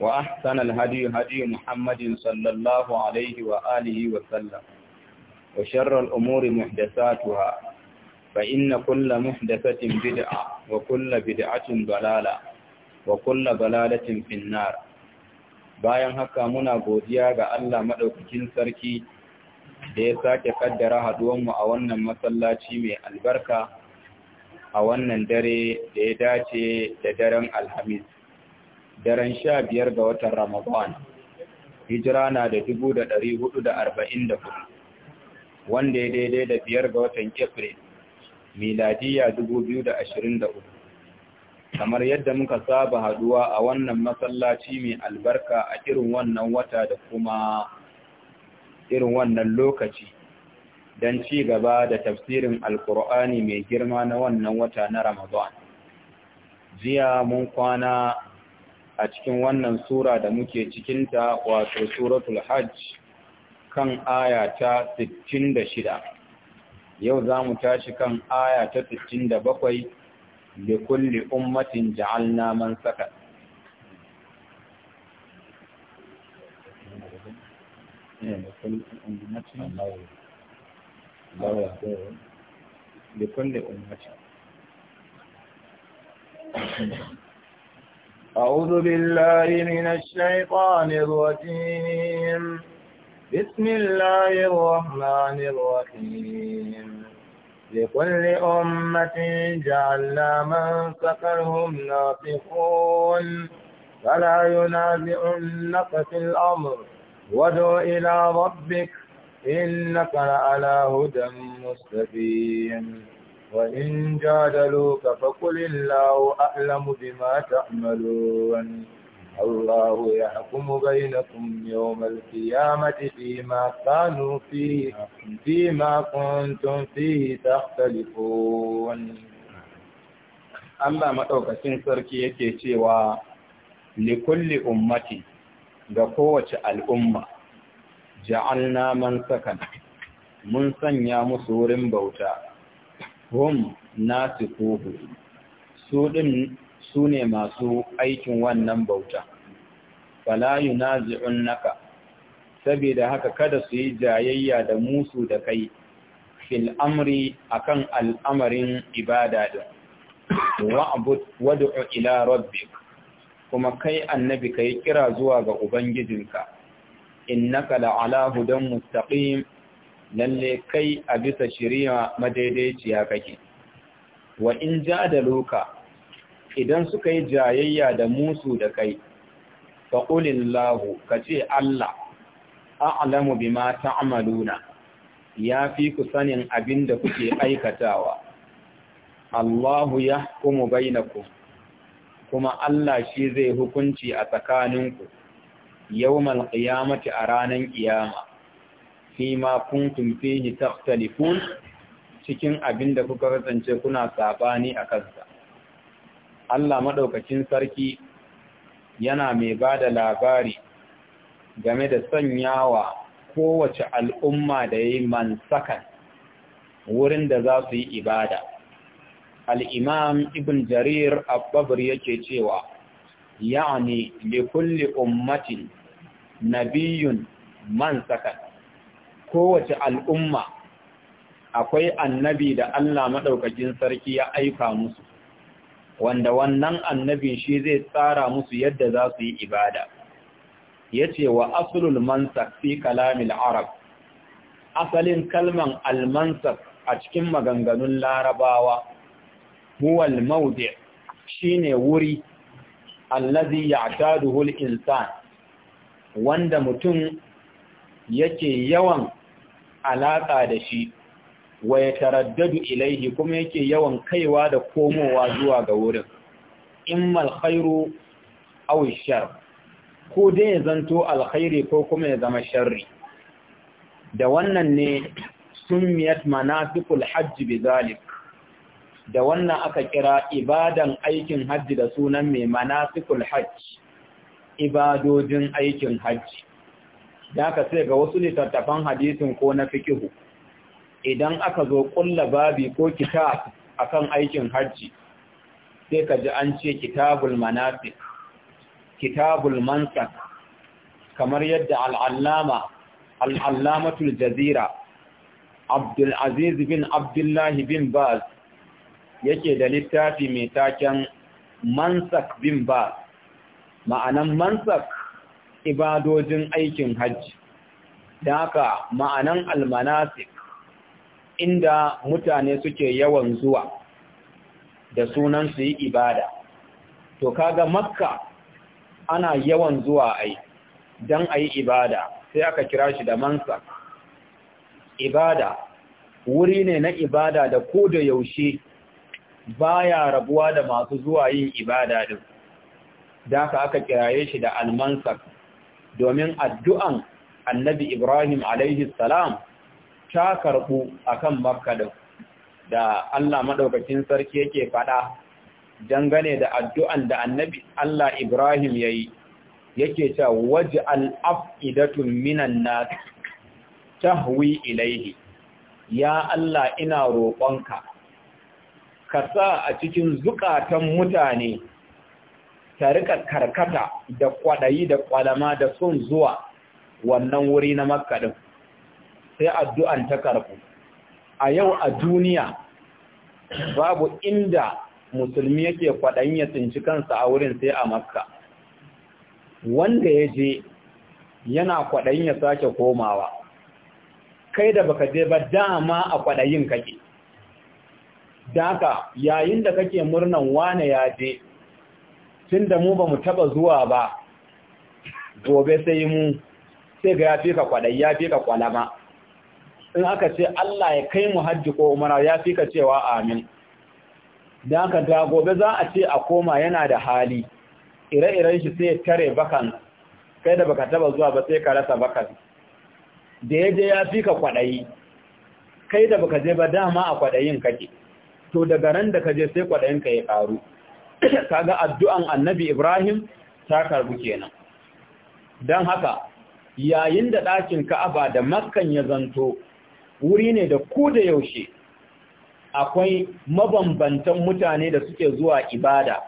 وأحسن الهدي هدي محمد صلى الله عليه وآله وسلم وشر الأمور محدثاتها فإن كل محدثة بدعة وكل بدعة ضلالة وكل ضلالة في النار bayan haka muna godiya ga Allah madaukakin sarki da ya sake kaddara haduwanmu a wannan masallaci mai albarka a wannan dare da ya dace da daren alhamis daren sha biyar ga watan Ramadan, hijira na da dubu da ɗari hudu da arba'in da hudu, wanda ya daidai da biyar ga watan Kefre, miladiya dubu biyu da ashirin da hudu. Kamar yadda muka saba haduwa a wannan masallaci mai albarka a irin wannan wata da kuma irin wannan lokaci, don ci gaba da tafsirin Alkur'ani mai girma na wannan wata na Ramadan. Jiya mun kwana a cikin wannan sura da muke cikinta wato suratul hajj kan aya ta 66 yau za mu tashi kan aya ta 67 da kulli ummatin ja'alna man saka لكل أمة أعوذ بالله من الشيطان الرجيم بسم الله الرحمن الرحيم لكل أمة جعلنا من سكرهم ناطقون فلا ينازعنك في الأمر وادع إلى ربك إنك لعلى هدى مستقيم وإن جادلوك فقل الله أعلم بما تعملون الله يحكم بينكم يوم القيامة فيما كانوا فيه فيما كنتم فيه تختلفون Allah maɗaukacin sarki yake cewa likulli ummati ga kowace al'umma ja'alna man sakan mun sanya musu wurin bauta hum nasikuhu su din su ne masu aikin wannan bauta fala naka saboda haka kada su yi jayayya da musu da kai fil amri akan al'amarin ibada din wa'bud ila rabbik kuma kai annabi kai kira zuwa ga ubangijinka innaka la'ala hudan mustaqim lalle kai a bisa shiriya madaidaiciya kake wa in ja da loka idan suka yi jayayya da musu da kai faƙulin lahu ka ce Allah a'lamu bima ta'maluna ya fi ku sanin abin da kuke aikatawa Allahu ya kuma bainakum kuma Allah shi zai hukunci a tsakaninku yawmal qiyamati a ranar ƙiyama. fi ma kuntum fihi cikin abin da kuka kasance kuna sabani a kansa Allah madaukakin sarki yana mai ba da labari game da sanyawa kowace al'umma da ya yi sakan wurin da za su yi ibada. al imam Ibn Jarir Abbabar yake cewa, ya'ani li kulli ummatin nabiyyun man sakat kowace al'umma akwai annabi da Allah maɗaukakin sarki ya aika musu, wanda wannan annabi shi zai tsara musu yadda za su yi ibada. Ya ce wa asulul mansak fi kalamil Arab, asalin kalman almansak a cikin maganganun larabawa, huwal maude shi ne wuri, allazi ya taduhul insan, wanda mutum yake yawan alaƙa da shi wa ya taraddadu ilaihi kuma yake yawan kaiwa da komowa zuwa ga wurin immal khairu aw shar ko dai ya zanto alkhairi ko kuma ya zama sharri da wannan ne summiyat manasikul hajji bizalik da wannan aka kira ibadan aikin hajji da sunan mai manasikul hajj ibadojin aikin hajji da aka sai ga wasu littattafan hadisin ko na fikihu idan aka zo kulla babi ko kitab akan aikin hajji sai ka ji an ce kitabul manasik kitabul mansak kamar yadda al'allama al'allamatul jazira aziz bin abdullahi bin baz yake da littafi mai taken mansak bin baz ma'anan mansak ibadojin aikin hajji da haka ma'anan almanasik inda mutane suke yawan zuwa da sunan su yi ibada to kaga makka ana yawan zuwa ai don a yi ibada sai aka kira shi da mansa ibada wuri ne na ibada da ko da yaushe baya rabuwa da masu zuwa yin ibada din daka aka kiraye shi da almansa domin addu'an annabi Ibrahim alaihi salam ta karɓu akan kan makaɗin da Allah maɗaukacin sarki yake faɗa Jangane da addu'an da annabi Allah Ibrahim yi, yake waje waj'al afidatun minan ta tahwi ilaihi ya Allah ina roƙonka ka sa a cikin zukatan mutane ta rika karkata da kwaɗayi da kwalama da sun zuwa wannan wuri na makka din sai addu'an ta karbu a yau a duniya babu inda musulmi yake kwaɗayin ya tsinci kansa a wurin sai a makka wanda ya je yana kwaɗayin ya sake komawa kai da baka je ba dama a kwaɗayin kake daka yayin da kake murnan wane ya je tun da mu ba mu taba zuwa ba gobe sai mu sai ga ya fi ka kwaɗai ya fi ka kwalama in aka ce Allah ya kai mu hajji ko umara ya fi ka cewa amin da aka ga gobe za a ce a koma yana da hali ire-iren shi sai tare bakan kai da baka taba zuwa ba sai ka rasa bakan da ya je ya fi ka kwaɗayi kai da baka je ba dama a kwaɗayin kake to daga ran da ka je sai kwaɗayin ka ya ƙaru kaga addu'an annabi Ibrahim ta karbu kenan don haka yayin da ɗakin Ka'aba da Makkan ya zanto wuri ne da ku da yaushe akwai mabambantan mutane da suke zuwa ibada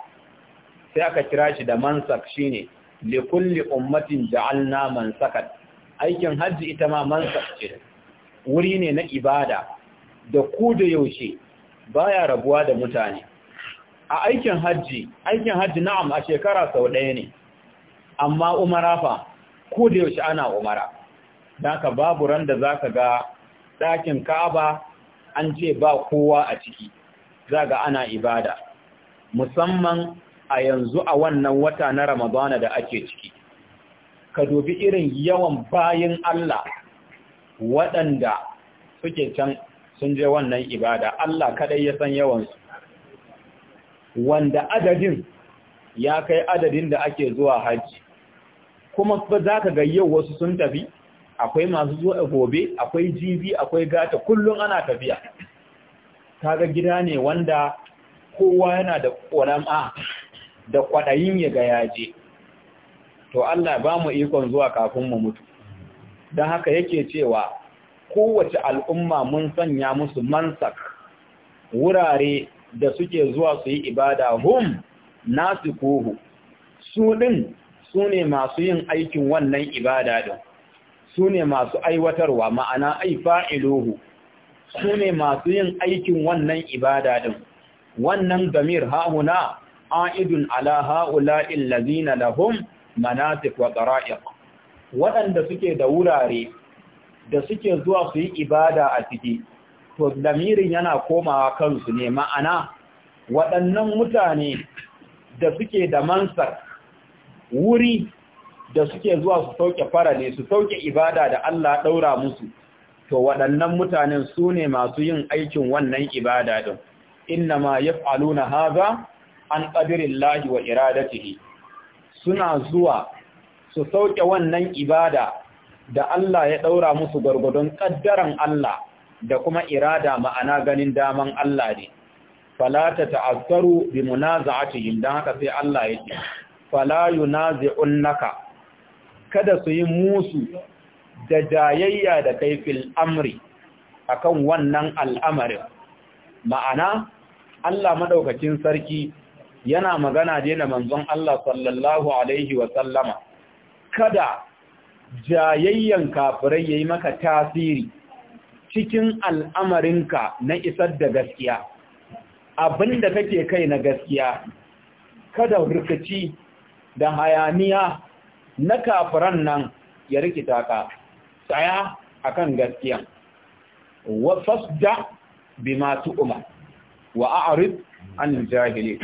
sai aka kira shi da mansak shine li kulli ummatin ja'alna mansakat aikin hajji ita ma mansak ce wuri ne na ibada da ku da yaushe baya rabuwa da mutane a aikin hajji aikin hajji na'am a shekara sau ɗaya ne amma umara fa ko da yaushe ana umara don ka babu ran da za ka ga ɗakin ka'aba an ce ba kowa a ciki za ga ana ibada musamman a yanzu a wannan wata na ramadana da ake ciki ka dubi irin yawan bayin Allah waɗanda suke can sun je wannan ibada Allah kaɗai ya san yawansu wanda adadin ya kai adadin da ake zuwa hajji kuma za ka ga yau wasu sun tafi akwai masu zuwa gobe akwai jibi akwai gata kullum ana tafiya kaga gida ne wanda kowa yana da ƙorama da kwaɗayin ya ga yaje to Allah ba mu ikon zuwa kafin mu mutu don haka yake cewa kowace al'umma mun sanya musu mansak wurare da suke zuwa su yi ibada hum nasu kuhu su ɗin sune masu yin aikin wannan ibada ɗin su masu aiwatarwa ma'ana aifa iluhu su masu yin aikin wannan ibada ɗin wannan gamir hahuna a'idun ala ha'ula illazina lahum manasik wa qara'iq waɗanda suke da wurare da suke zuwa su yi ibada a ciki to lamirin yana komawa kansu ne ma'ana waɗannan mutane da suke da mansar wuri da suke zuwa su sauke farale su sauke ibada da Allah ɗaura musu to waɗannan mutanen su ne masu yin aikin wannan ibada ɗin inna ma yaf'aluna haza an ƙadirin lahi wa iradatihi suna zuwa su sauke wannan ibada da Allah ya ɗaura musu gwargwadon ƙaddaran Allah da kuma irada ma'ana ganin daman Allah ne fala ta ta'azzaru bi munaza'atihim don haka sai Allah ya ce fala naka, kada su yi musu da jayayya da kai fil amri akan wannan al'amarin ma'ana Allah maɗaukacin sarki yana magana da da manzon Allah sallallahu alaihi wa kada jayayyan kafirai yayi maka tasiri cikin al'amarinka na isar da gaskiya abin da kake kai na gaskiya kada rikici da hayaniya na kafiran nan ya rikita ka tsaya akan gaskiyan wa fasda bima tu'ma wa a'rid an jahili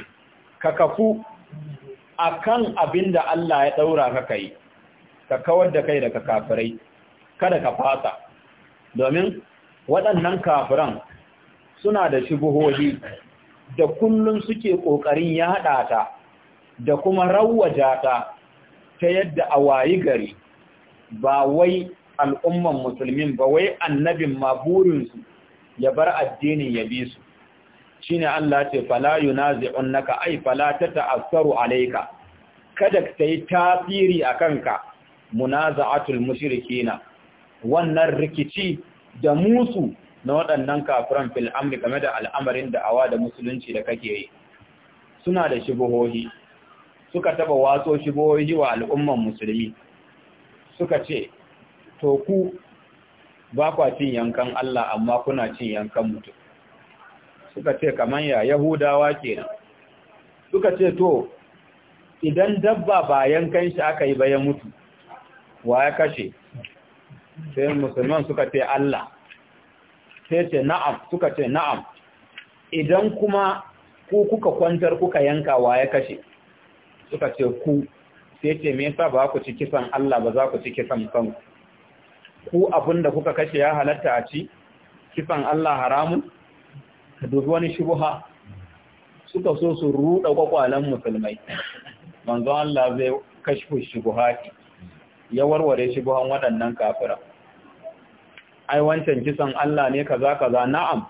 ka kafu akan abinda Allah ya daura ka kai ka kawar da kai daga kafirai kada ka fasa domin waɗannan kafiran suna da shubuhohi da kullum suke ƙoƙarin yaɗa ta da kuma rawwata ta ta yadda a wayi gari ba wai al'umman musulmin ba wai annabin ma burinsu ya bar addinin ya bi su shi ne Allah ce fala yunazi'un naka ai fala ta ta'assaru alaika kada ka yi tasiri a kanka munaza'atul mushrikina wannan rikici da musu na waɗannan kafiran fil amri game da al'amarin da da'awa da musulunci da kake yi suna da shibohohi suka taba waso shibohohi wa al'umman musulmi suka ce to ku ba kwa cin yankan Allah amma kuna cin yankan mutum suka ce kaman ya yahudawa ke suka ce to idan dabba ba yankan shi aka yi ba ya mutu wa ya kashe sai musulman suka ce Allah sai ce na'am suka ce na'am idan kuma ku kuka kwantar kuka yanka wa ya kashe suka ce ku sai ce me yasa ba ku ci kisan Allah ba za ku ci kisan kanku ku abinda kuka kashe ya halatta a ci kisan Allah haramun ka dubi wani shubha suka so su ruɗa kwakwalen musulmai manzo Allah zai kashfu shubhati ya warware shubuhan waɗannan kafira ai wancan kisan Allah ne kaza kaza na'am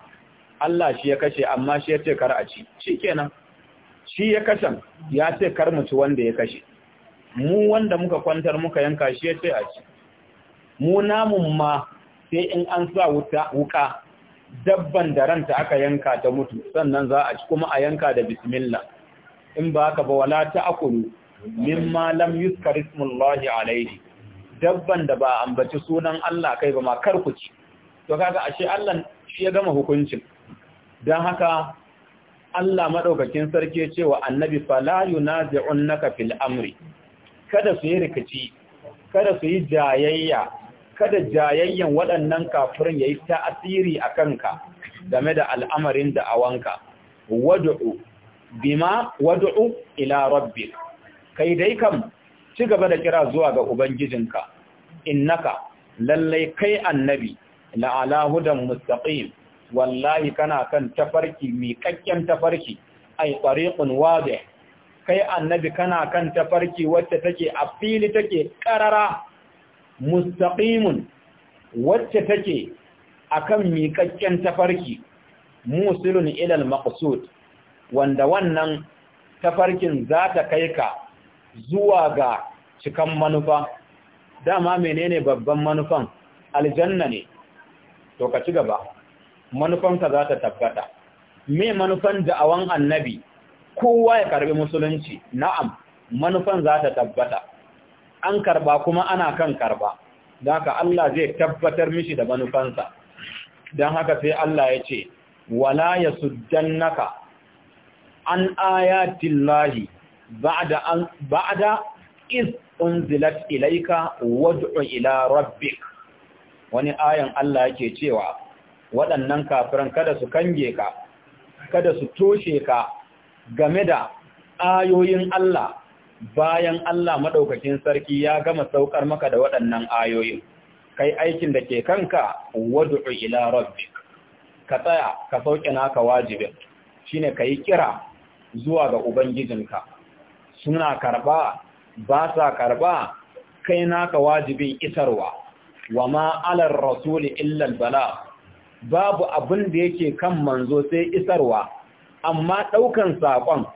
Allah shi ya kashe amma shi ya ce kar a ci shikenan shi ya kashe ya ce kar mu ci wanda ya kashe mu wanda muka kwantar muka yanka shi ya ce a ci mu namun ma sai in an sa wuta wuka dabban da ranta aka yanka ta mutu sannan za a ci kuma a yanka da bismillah in ba ka ba wala ta'kulu mimma lam yuzkar ismullahi ala'ihi. dabban da ba ambaci sunan Allah kai ba ma ku ci to kaga ashe Allah shi ya gama hukuncin dan haka Allah madaukakin sarki ya ce wa annabi fala yunazi'unka fil amri kada su yi rikici kada su yi jayayya kada jayayyan waɗannan kafirin yayi ta'asiri akan ka game da al'amarin da awanka wad'u bima wad'u ila rabbik kai dai kam ci gaba da kira zuwa ga ubangijinka innaka lallai kai annabi la'ala hudan mustaqim wallahi kana kan tafarki mi kakken tafarki ai tariqun wadih kai annabi kana kan tafarki wacce take a fili take ƙarara? Mustaƙimun wacce take akan miƙaƙƙen tafarki musulun ilal maqsud wanda wannan tafarkin za ta kai ka zuwa ga cikan manufa dama menene babban manufan aljanna ne to ka ci gaba manufanka za ta tabbata me manufan da'awan annabi kowa ya karbi musulunci na'am manufan za ta tabbata an karba kuma ana kan karba don haka Allah zai tabbatar mishi da manufansa Dan haka sai Allah ya ce wala ya suddannaka an ayatillahi lahi ba'da iz unzilat ilaika wad'u ila rabbik wani ayan Allah yake cewa waɗannan kafiran kada su kange ka kada su toshe ka game da ayoyin Allah bayan Allah madaukakin sarki ya gama saukar maka da waɗannan ayoyin kai aikin da ke kanka wad'u ila rabbik ka tsaya ka sauke naka wajibin shine kai kira zuwa ga ubangijinka suna karba ba sa karba kai naka wajibin isarwa wa ma alar rasuli illa albala babu abin da yake kan manzo sai isarwa amma daukan sakon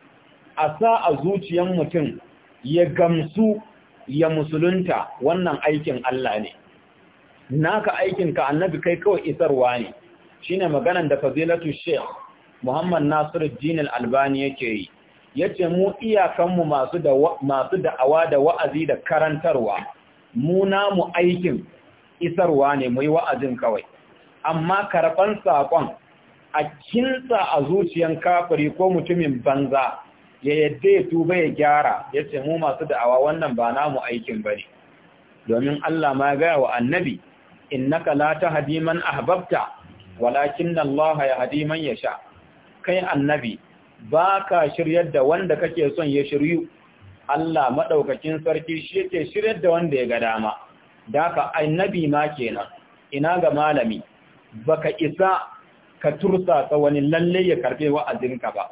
a sa a zuciyar mutum ya gamsu ya musulunta wannan aikin Allah ne naka aikin ka annabi kai kawai isarwa ne shine maganar da fazilatu sheikh Muhammad Nasiruddin Al-Albani yake yi ya ce mu iyakanmu masu da'awa da wa'azi da karantarwa mu namu aikin isarwa ne mu yi wa'azin kawai amma karɓan saƙon a kinsa a zuciyan kafiri ko mutumin banza ya yadda ya tuba ya gyara yace mu masu da'awa wannan ba namu aikin ba ne domin Allah ma gaya wa annabi innaka la tahdi man ahbabta walakin Allah Hadiman ya sha, kai annabi ba ka shiryar da wanda kake son ya shiryu Allah maɗaukakin sarki shi yake shiryar da wanda ya ga dama da ka annabi ma kenan ina ga malami baka isa ka tursa ta wani lalle ya karbe wa'azinka ba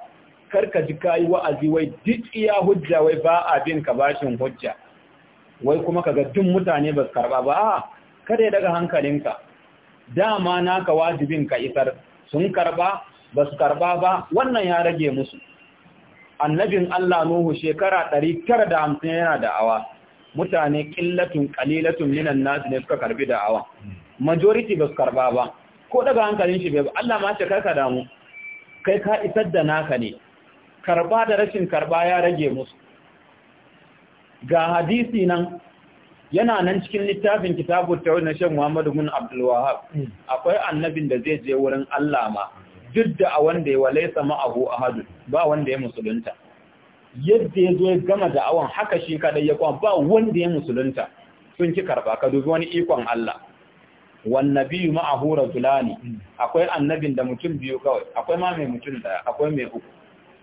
kar ka ji kayi wa'azi wai duk iya hujja wai ba bin ka bashin hujja wai kuma kaga duk mutane ba su karba ba kada ya daga hankalinka dama naka wajibin ka isar sun karba ba su karba ba wannan ya rage musu annabin Allah Nuhu shekara 950 yana da'awa mutane qillatun qalilatun minan nas ne suka karbi da'awa majority ba su karba ba ko daga hankalin shi bai Allah ma ce karka damu kai ka isar da naka ne karba da rashin karba ya rage musu ga hadisi nan yana nan cikin littafin kitabu tawhid na shan Muhammad bin Abdul Wahhab hmm. akwai annabin da zai je wurin Allah ma duk da a wanda ya walaisa ma'ahu hadu ba wanda ya musulunta yadda ya zo ya gama da'awan haka shi kadai ya kuma ba wanda ya musulunta sun ki karɓa ka dubi wani ikon Allah nabi yi ma'ahu rajulani akwai annabin da mutum biyu kawai akwai ma mai mutum daya akwai mai uku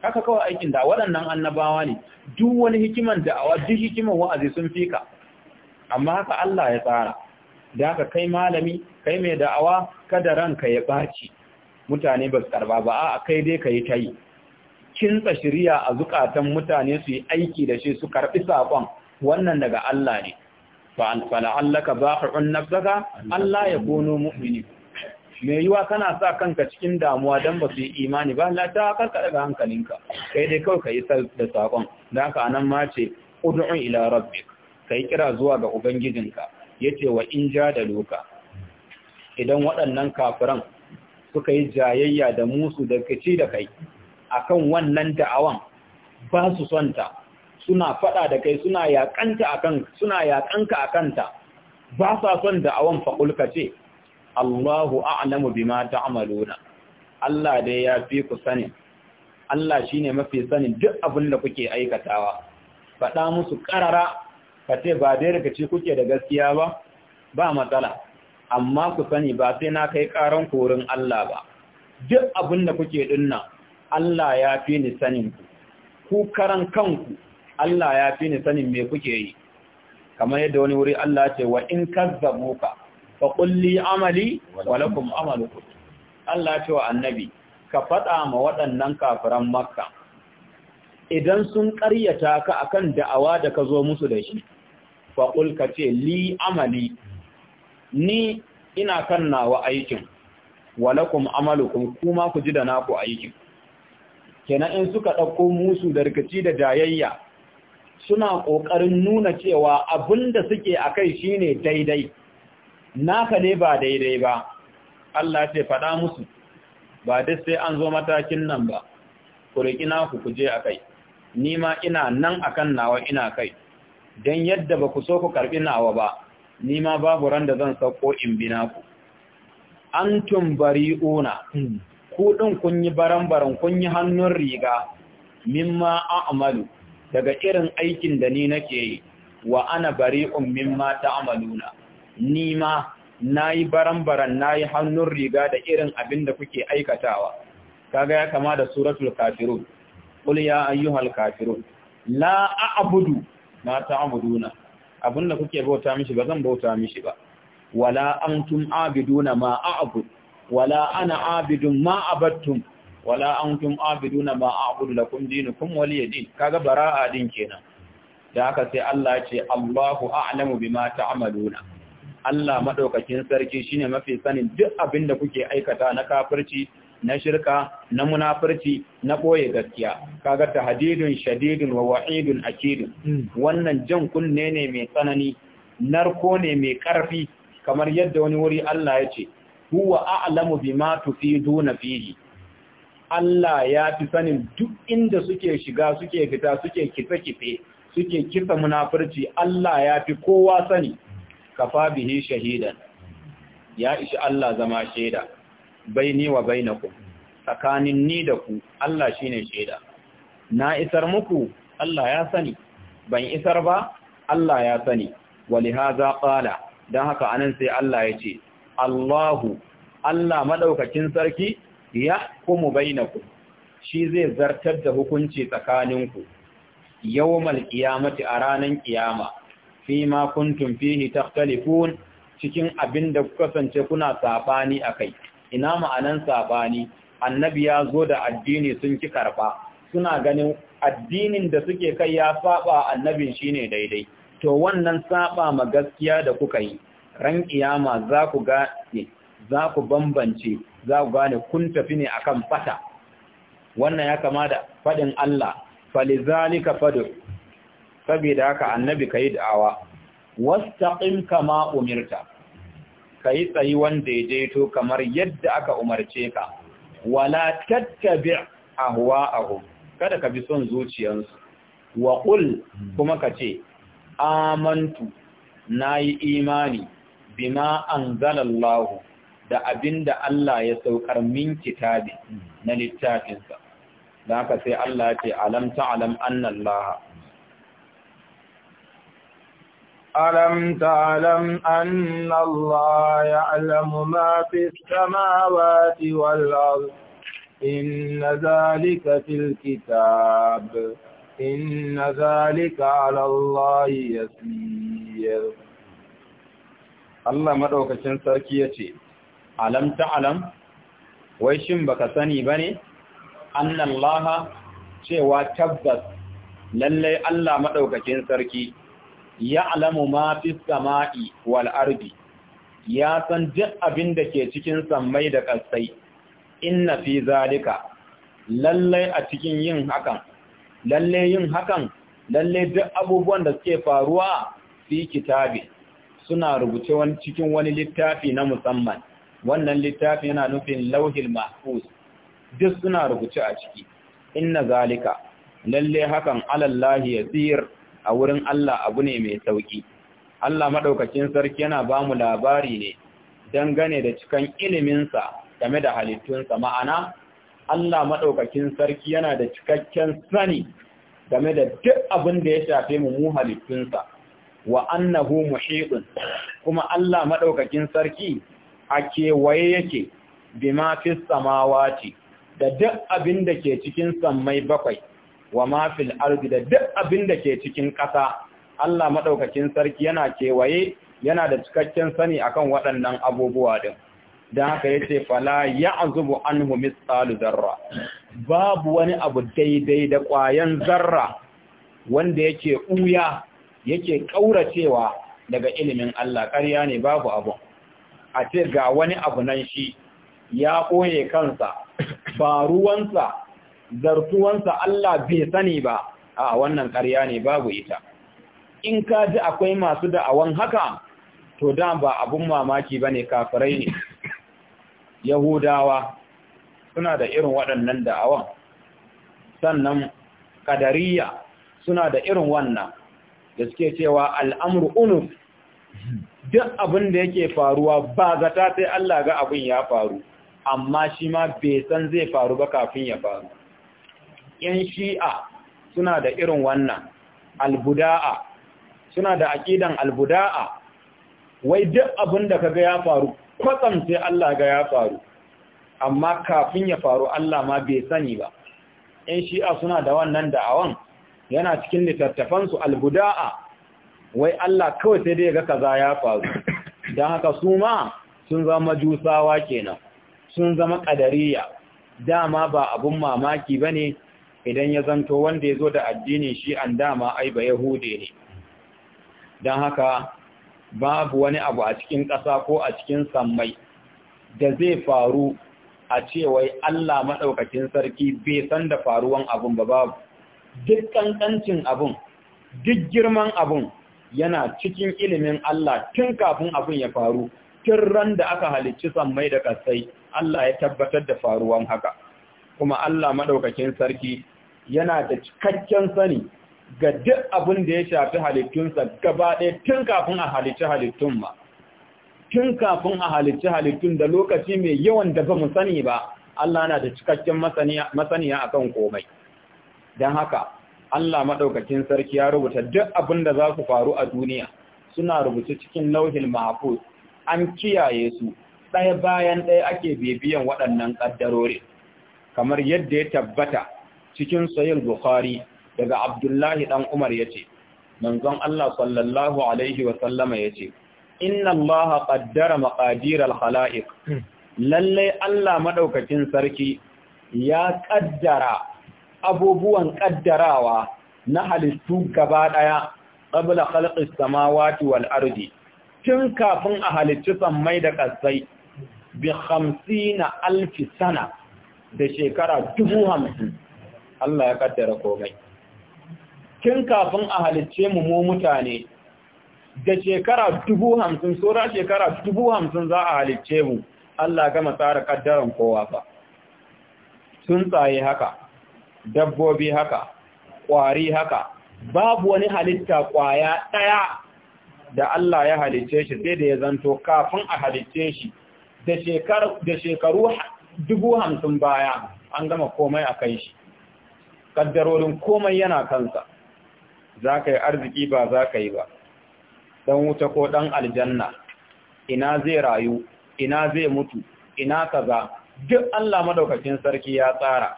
haka kawai aikin da waɗannan annabawa ne duk wani hikiman da'awa duk hikiman wa'azi sun fika amma haka Allah ya tsara da haka kai malami kai mai da'awa kada ranka ya ɓaci. mutane ba su karba ba a kai dai ka yi ta yi kinsa shirya a zukatan mutane su yi aiki da shi su karbi saƙon wannan daga Allah ne ka baqi'un nafsaka Allah ya gono mu'mini me yiwa kana sa kanka cikin damuwa dan ba su yi imani ba la ta karka daga hankalinka kai dai kawai kai sal da sakon dan haka anan ma ce ud'u ila rabbik kai kira zuwa ga ubangijinka yace wa in ja da loka idan waɗannan kafiran suka yi jayayya da musu da kici da kai akan wannan da'awan ba su sonta suna fada da kai suna yakanta akan suna yakanka akanta ba sa son da'awan kulka ce Allahu a'lamu bima ta'maluna Allah dai ya fi ku sani Allah shine mafi sani duk abin da kuke aikatawa faɗa musu ƙarara ka ce ba dai daga kuke da gaskiya ba ba matsala amma ku sani ba sai na kai ƙaran korin Allah ba duk abin da kuke dinna Allah ya fi ni sanin ku ku karan kanku Allah ya fi ni sanin me kuke yi kamar yadda wani wuri Allah ce wa in kazzabuka fa qul amali wa lakum amalukum Allah ce wa annabi ka faɗa ma waɗannan kafiran makka idan sun ƙaryata ka akan da'awa da ka zo musu da shi faƙul ka ce li amali ni ina kan nawa aikin walakum amalukum kuma ku ji da naku aikin kenan in suka ɗauko musu da rikici da jayayya suna ƙoƙarin nuna cewa abinda suke akai shine daidai naka ne ba daidai ba Allah ce faɗa musu ba duk sai an zo matakin nan ba ku riki naku ku je a kai ni ma ina nan akan nawa ina kai dan yadda ba ku so ku karɓi nawa ba ni ma babu ran da zan sauko in bina ku antum bari'una hmm. ku din kun yi baran-baran kun yi hannun riga mimma a'malu daga irin aikin da ni nake yi wa ana bari'un mimma ta'maluna ni ma nayi baran-baran nayi hannun riga da irin abin da kuke aikatawa kaga ya kama da suratul kafirun qul ya ayyuhal kafirun la a'budu ma ta'buduna Abin da kuke bauta mishi ba zan bauta mishi ba wala antum abiduna ma a'bud wala ana abidun ma abattum wala antum abiduna ma a'bud lakum dinukum waliyadin kaga bara'a din kenan da haka sai Allah ce Allahu a'lamu bima ta'maluna Allah madaukakin sarki shine mafi sanin duk abin da kuke aikata na kafirci na shirka na munafurci na ɓoye gaskiya kaga tahdidun shadidun wa wa'idun akidun hmm. wannan jan kunne ne mai tsanani narko ne mai ƙarfi kamar yadda wani wuri Allah ya ce huwa a'lamu bima tufiduna fihi Allah ya fi sanin duk inda suke shiga suke fita suke kitse-kitse suke kitsa munafurci Allah ya fi kowa sani kafa bihi shahidan ya ishi Allah zama shaida baini wa bainakum tsakanin ni da ku Allah shine shaida na isar muku Allah ya sani ban isar ba Allah ya sani walihaza qala dan haka anan sai Allah ya ce Allahu Allah madaukakin sarki ya kuma bainakum shi zai zartar da hukunci tsakaninku yawmal qiyamati a ranar ƙiyama. fi ma kuntum fihi takhtalifun cikin abin da kuka kasance kuna a kai. ina ma'anan sabani annabi ya zo da addini sun ki karba suna ganin addinin da suke kai ya saba annabin shine daidai to wannan saba ma gaskiya da kuka yi ran kiyama za ku ga za ku bambance za ku gane kun tafi ne akan fata wannan ya kama da fadin Allah falizalika fadu saboda haka annabi kai da'awa wastaqim kama umirta ka yi tsayi wanda ya to kamar yadda aka umarce ka wala tattabi hu, kada ka bi son zuciyarsu. wa qul kuma ka ce amantu nayi imani bima anzalallahu da abinda Allah ya saukar min kitabi na littafinsa da haka sai Allah ya ce alam ta'lam anna Allah ألم تعلم أن الله يعلم ما في السماوات والأرض إن ذلك في الكتاب إن ذلك على الله يسير Allah maɗaukacin sarki ya ce, Alam alam, wai shin baka sani ba ne, annan laha cewa tabbas lallai Allah maɗaukacin sarki alamu ma fis sama'i wal arbi, ya san duk abin da ke cikin sammai da ƙasai inna fi zalika lallai a cikin yin hakan Lallai yin hakan lalle duk abubuwan da suke faruwa fi kitabi suna rubuce wani cikin wani littafi na musamman wannan littafi yana nufin lauhil mahfuz duk suna rubuce a ciki inna zalika lalle hakan alallahi yasir a wurin Allah abu ne mai sauki Allah maɗaukakin sarki yana ba mu labari ne don gane da cikan iliminsa game da halittunsa ma'ana Allah maɗaukacin sarki yana da cikakken sani game da duk abin da ya shafe mu mu halittunsa wa annahu muhitun kuma Allah maɗaukakin sarki a kewaye yake bima fi ce da duk abin da ke cikin sammai bakwai wa ma fil da duk abin da ke cikin ƙasa Allah madaukakin sarki yana kewaye yana da cikakken sani akan waɗannan abubuwa din don haka ya ce fala ya azubu an humis zarra babu wani abu daidai da ƙwayan zarra wanda yake ɓuya yake ƙauracewa daga ilimin Allah ƙarya ne babu abu a ce ga wani abu nan shi ya ɓoye kansa ba ruwansa zartuwansa Allah bai sani ba a wannan ƙarya ne babu ita in ka ji akwai masu da'awan haka to da ba abun mamaki bane kafirai ne yahudawa suna da irin waɗannan da'awan sannan ƙadariya suna da irin wannan da suke cewa al'amru unu duk abin da yake faruwa ba zata sai Allah ga abin ya faru amma shi ma bai san zai faru ba kafin ya faru yan shi'a suna da irin wannan albuda'a suna da aqidan albuda'a wai duk abin da kaga ya faru kwatsam sai Allah ga ya faru amma kafin ya faru Allah ma bai sani ba yan shi'a suna da wannan da'awan yana cikin littattafansu albuda'a wai Allah kawai sai dai ga kaza ya faru don haka su ma sun zama jusawa kenan sun zama ƙadariya dama ba abun mamaki ba ne idan ya zanto wanda ya zo da addini shi an dama ai ba yahude ne don haka babu wani abu a cikin ƙasa ko a cikin sammai da zai faru a cewai Allah maɗaukacin sarki bai san da faruwan abun ba babu duk ƙanƙancin abun duk girman abun yana cikin ilimin Allah tun kafin abun ya faru tun ran da aka halicci sammai da ƙasai Allah ya tabbatar da faruwan haka kuma Allah maɗaukakin sarki yana da cikakken sani ga duk abin da ya shafi halittunsa gaba ɗaya tun kafin a halicci halittun ma tun kafin a halicci halittun da lokaci mai yawan da ba mu sani ba Allah na da cikakken masaniya a kan komai don haka Allah maɗaukacin sarki ya rubuta duk abin da za su faru a duniya suna rubuce cikin lauhin mahafuz an kiyaye su ɗaya bayan ɗaya ake bibiyan waɗannan ƙaddarori kamar yadda ya tabbata cikin sayil bukhari daga abdullahi Ɗan umar yace manzon Allah sallallahu alaihi wa sallama yace inna Allah qaddara maqadir al-khalaiq Allah Maɗaukacin sarki ya ƙaddara abubuwan ƙaddarawa na halittu gaba ɗaya, qabla khalqis samawati wal arzi tun kafin a halicci sammai da kasai bi 50 alfi sana da shekara dubu hamsin. Allah ya kaddara komai kin kafin a halicce mu mu mutane da shekara dubu hamsin tsora shekara dubu hamsin za a halicce mu Allah gama tsara kaddaran kowa fa tsuntsaye haka dabbobi haka ƙwari haka babu wani halitta ƙwaya ɗaya da Allah ya halicce shi sai da ya zanto kafin a halicce shi da shekaru dubu hamsin baya an gama komai a kai shi kaddarorin komai yana kansa za ka yi arziki ba za ka yi ba ɗan wuta ko ɗan aljanna ina zai rayu ina zai mutu ina kaza duk Allah madaukakin sarki ya tsara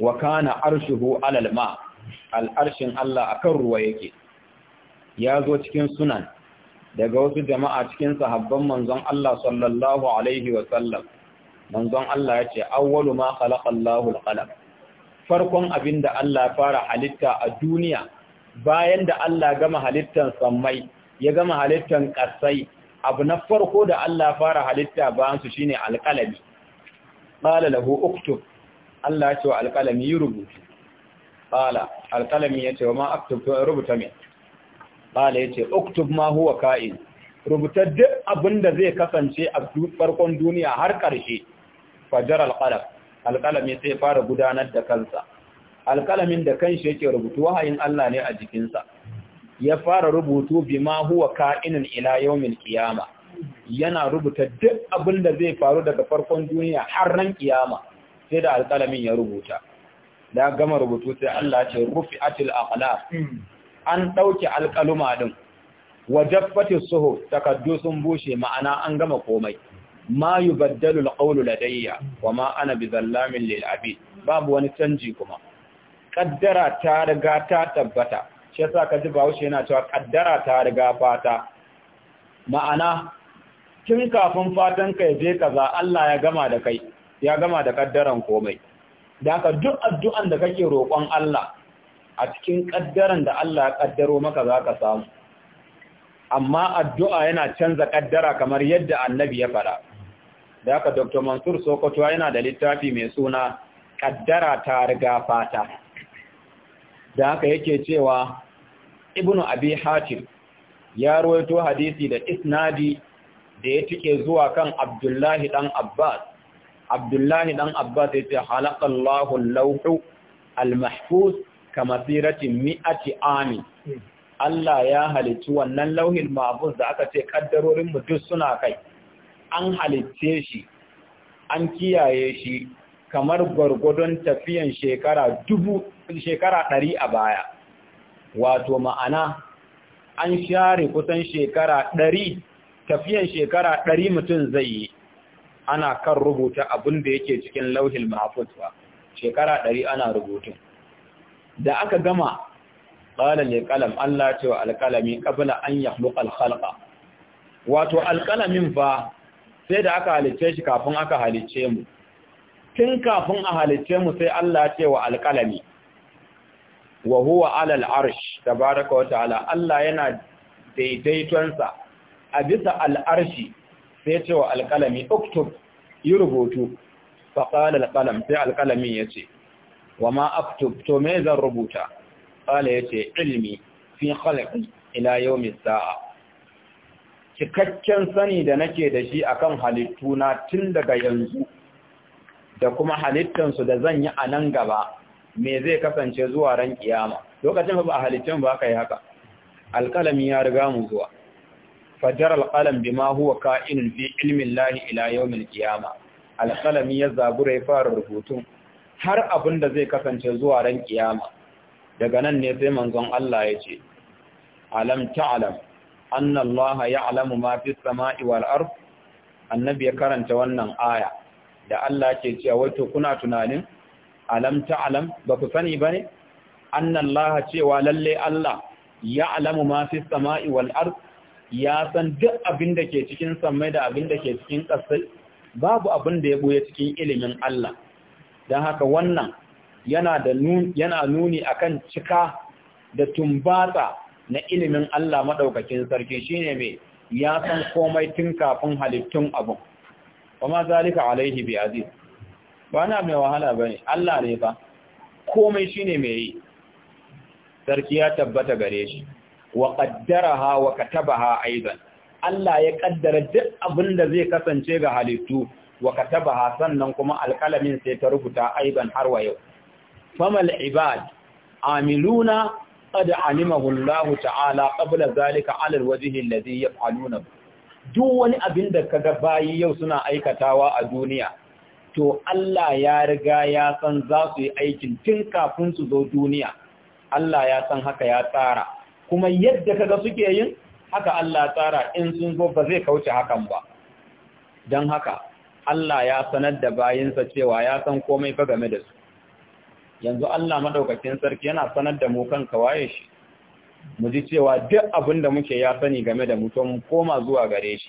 wa kana arshuhu alal ma al'arshin Allah akan ruwa yake ya zo cikin sunan daga wasu jama'a cikin sahabban manzon Allah sallallahu alaihi wa sallam manzon Allah ya ce awwalu ma khalaqa Allahu al-qalam farkon abin da Allah fara halitta a duniya bayan da Allah gama halittan sammai ya gama halittan ƙasai abu na farko da Allah fara halitta bayan su shine alƙalami qala lahu uktub Allah ya ce wa alƙalami rubuta. qala alƙalami ya ce wa ma aktub to rubuta me qala ya ce uktub ma huwa ka'in rubuta duk abin da zai kasance a farkon duniya har ƙarshe fajar alƙalam alƙalami sai fara gudanar da kansa alƙalamin da kanshi yake rubutu wahayin Allah ne a jikinsa ya fara rubutu bima huwa ka'inun ila yawmil qiyama yana rubuta duk abin da zai faru daga farkon duniya har ran kiyama sai da alƙalamin ya rubuta da gama rubutu sai Allah ce rufi atil an dauke alƙaluma din wajaffatis suhuf takardu sun bushe ma'ana an gama komai ma baddalu alqawlu ladayya wa ma ana bizallamin lil abid babu wani canji kuma Ƙaddara ta riga ta tabbata shi yasa ka ji Bahaushe yana cewa ƙaddara ta riga fata ma'ana tun kafin fatan ka je kaza Allah ya gama da kai ya gama da ƙaddaran komai da haka duk addu'an da kake roƙon Allah a cikin ƙaddaran da Allah ya ƙaddaro maka za ka samu amma addu'a yana canza ƙaddara kamar yadda annabi ya fara da haka dr mansur sokoto yana da littafi mai suna kaddara ta riga fata da haka yake cewa Ibn abi hatim ya ruwaito hadisi da isnadi da ya tike zuwa kan abdullahi dan abbas abdullahi Ɗan abbas ya ce halakallahu lauhu al-mahfuz kama siratin mi'ati amin hmm. Allah ya halicci wannan lauhin mahfuz da aka ce kaddarorin mu duk suna kai an halitce shi an kiyaye shi kamar gwargwadon tafiyan shekara dubu shekara ɗari a baya wato ma'ana an share kusan shekara ɗari tafiyan shekara ɗari mutum zai yi ana kan rubuta abin da yake cikin lauhin mahafuz shekara ɗari ana rubutun da aka gama ƙalar ne ƙalam Allah ce wa alƙalami ƙabila an yahluƙ alƙalƙa wato alƙalamin fa sai da aka halicce shi kafin aka halicce mu tun kafin a halicce mu sai Allah ce wa alƙalami wa huwa alal arsh tabaraka wa Allah yana daidaitonsa a bisa al'arshi sai ce wa alƙalami uktub yi rubutu qala alqalam sai alƙalamin ya ce wa ma aktub to me zan rubuta qala ya ce ilmi fi khalqi ila yawmi sa'a cikakken sani da nake da shi akan halittuna tun daga yanzu da kuma halittansu da zan yi a nan gaba me zai kasance zuwa ran kiyama lokacin ba a halittun ba ka yi haka alƙalami ya riga mu zuwa fajar alƙalam bi ma huwa ka'in fi ilmin lahi ila yawmin kiyama alƙalami ya zabura ya fara rubutun. har abin da zai kasance zuwa ran kiyama daga nan ne sai manzon Allah ya ce alam alam. anna laha ya alamu mafi samai wal annabi ya karanta wannan aya da Allah ke cewa wato kuna tunanin alam alam ba ku sani bane anna laha cewa lalle Allah ya alamu mafi samai wal ya san duk abin da ke cikin samai da abin da ke cikin ƙasai babu abin da ya buya cikin ilimin Allah don haka wannan yana nuni akan cika da tumbatsa na ilimin Allah madaukakin sarki shine me ya san komai tun kafin halittun abu kuma zalika alaihi bi aziz ba na mai wahala bane Allah ne fa komai shine me yi sarki ya tabbata gare shi wa qaddaraha wa katabaha aidan Allah ya kaddara duk abin da zai kasance ga halittu wa katabaha sannan kuma alkalamin sai ta rubuta aiban har wa yau famal ibad amiluna qad alimahu Allah ta'ala qabla zalika 'ala al-wajhi alladhi yaf'aluna duk wani abin da kaga bayi yau suna aikatawa a duniya to Allah ya riga ya san za su yi aikin tun kafin su zo duniya Allah ya san haka ya tsara kuma yadda kaga suke yin haka Allah tsara in sun zo ba zai kauce hakan ba don haka Allah ya sanar da bayinsa cewa ya san komai fa game da su yanzu Allah madaukakin sarki yana sanar da mu kan kawaye shi mu ji cewa duk abin da muke ya sani game da mutum koma zuwa gare shi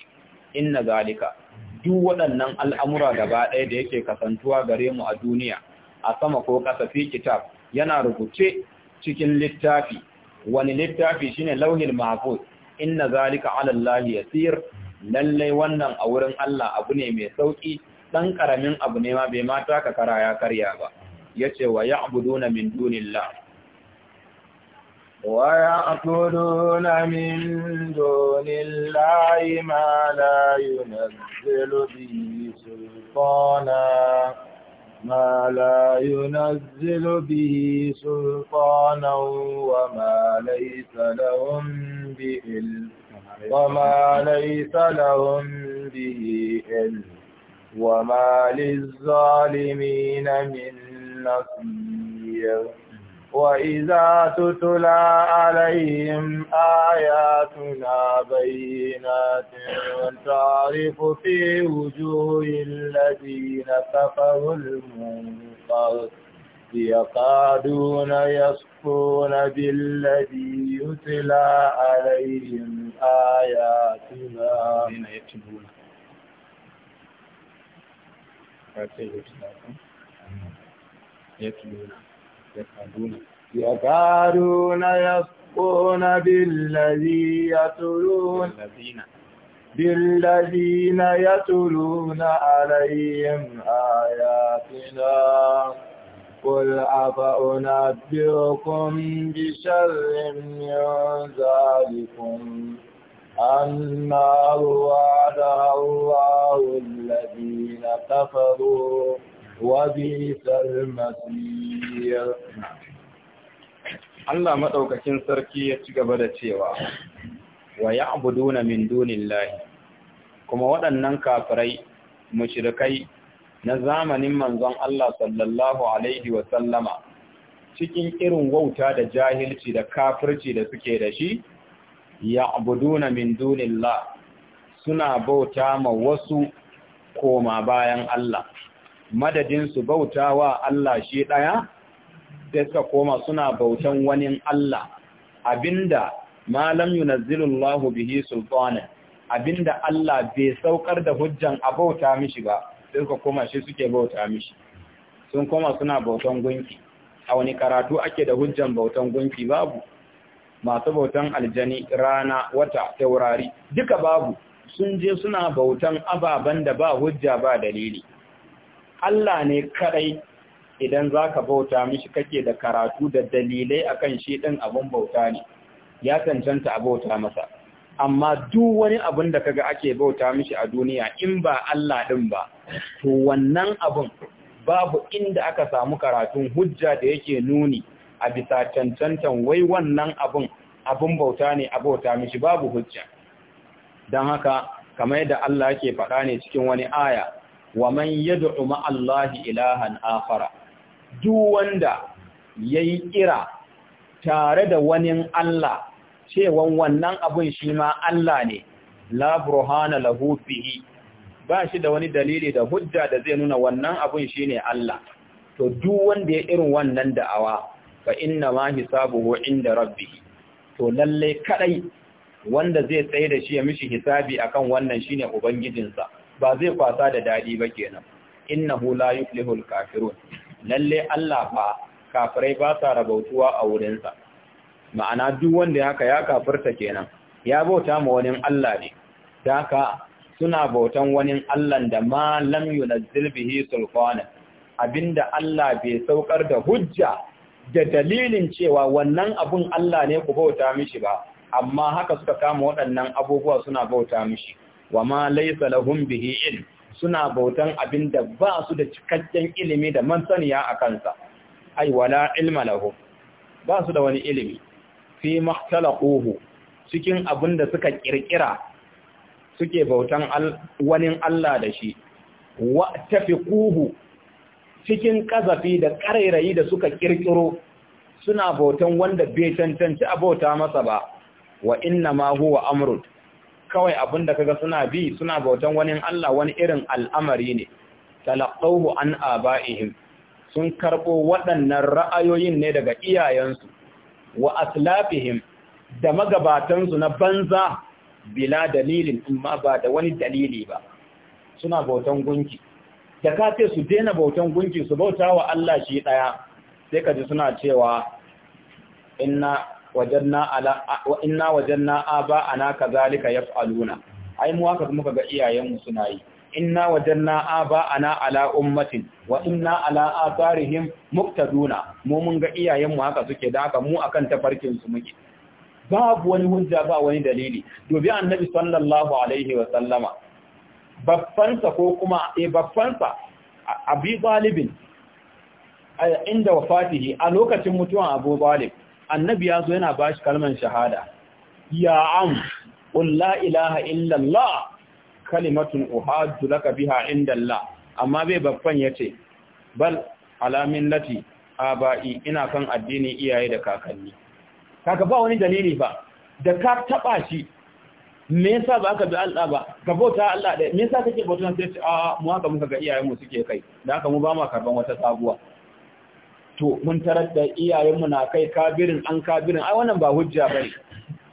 inna zalika duk waɗannan al'amura gaba ɗaya da yake kasantuwa gare mu a duniya a sama ko ƙasa fi kitab yana rubuce cikin littafi wani littafi shine lauhin mahfuz inna zalika ala Allah yasir lallai wannan a wurin Allah abu ne mai sauki dan karamin abu ne ma bai mata ka kara ya karya ba ya ce wa ya abuduna min dunillah wa ya abuduna min dunillah ma la yunazzilu bihi sultana ما لا ينزل به سلطانا وما ليس لهم به وما ليس لهم به وما للظالمين من نصير وإذا تتلى عليهم آياتنا بينات تعرف في وجوه الذين كفروا المنكر يقادون يصفون بالذي يتلى عليهم آياتنا يكتبون يكادون يسقون بالذي يتلون بالذين يتلون عليهم آياتنا قل أفأنبئكم بشر من ذلكم النار وعدها الله الذين كفروا Allah maɗaukakin sarki ya ci gaba da cewa wa ya kuma waɗannan kafirai mushirikai, na zamanin manzon Allah sallallahu alaihi wa sallama cikin irin wauta da jahilci da kafirci da suke da shi ya abuduna min dunillah suna bauta ma wasu koma bayan Allah madadin su bautawa Allah shi daya sai suka koma suna bautan wani Allah abinda malam yunazzilullahu bihi sultana abinda Allah bai saukar da hujjan a bauta mishi ba sai suka koma shi suke bauta mishi sun koma suna bautan gunki a wani karatu ake da hujjan bautan gunki babu masu bautan aljani rana wata taurari duka babu sun je suna bautan ababen da ba hujja ba dalili Allah ne kadai idan za ka bauta mishi kake da karatu da dalilai akan shi ɗin abin bauta ne ya cancanta a bauta masa amma duk wani abin da kaga ake bauta mishi a duniya in ba Allah ɗin ba to wannan abin babu inda aka samu karatun hujja da yake nuni a bisa cancantan wai wannan abun abin bauta ne a bauta mishi babu hujja don haka kamar yadda Allah yake faɗa ne cikin wani aya wa man yad'u ma'allahi ilahan akhara duk wanda yayi kira tare da wani Allah cewan wannan abun shi ma Allah ne la burhana lahu fihi ba shi da wani dalili da hujja da zai nuna wannan abun shi ne Allah to duk wanda ya irin wannan da'awa fa inna ma hisabuhu inda rabbih to lalle kadai wanda zai tsaye da shi ya mishi hisabi akan wannan shine ubangijinsa ba zai kwasa da dadi ba kenan innahu la yuflihu alkafirun lalle Allah fa kafirai ba sa rabautuwa a wurinsa ma'ana duk wanda haka ya kafirta kenan ya bauta ma wani Allah ne daka suna bautan wani Allah da ma lam yunzil bihi sulfana abinda Allah bai saukar da hujja da dalilin cewa wannan abun Allah ne ku bauta mishi ba amma haka suka kama waɗannan abubuwa suna bauta mishi wa ma laysa lahum bihi ilm suna bautan abin da ba su da cikakken ilimi da mansaniya a kansa ai wala ilma lahum ba su da wani ilimi fi mahtalaquhu cikin abin da suka kirkira suke bautan wani Allah da shi wa tafiquhu cikin kazafi da karairayi da suka kirkiro suna bautan wanda bai tantance abota masa ba wa inna ma huwa amrud kawai abin da kaga suna bi suna bautan wani Allah wani irin al'amari ne talaqawhu an aba'ihim sun karbo waɗannan ra'ayoyin ne daga iyayensu wa aslafihim da magabatansu na banza bila dalilin amma ba da wani dalili ba suna bautan gunki da ka ce su daina bautan gunki su bauta wa Allah shi ɗaya sai ka ji suna cewa inna wajanna ala wa inna wajanna aba ana kazalika yaf'aluna ai mu haka muka ga iyayenmu suna yi inna wajanna aba ana ala ummatin wa inna ala atharihim muktaduna mu mun ga iyayenmu haka suke da haka mu akan tafarkin su muke babu wani hujja ba wani dalili dobi annabi sallallahu alaihi wa sallama baffansa ko kuma eh baffansa abi talibin inda wafatihi a lokacin mutuwan abu talib annabi ya zo yana bashi kalmar shahada ya am qul la ilaha illa allah kalimatun uhaddu laka biha inda allah amma bai babban yace bal alamin lati aba'i ina kan addini iyaye da kakanni kaka ba wani dalili ba da ka taba shi me yasa ba ka bi Allah ba ka bauta Allah da me yasa kake bautan sai a mu haka muka ga iyayen mu suke kai da haka mu ba ma karban wata sabuwa to mun tarar da iyayenmu na kai kabirin an kabirin ai wannan ba hujja bane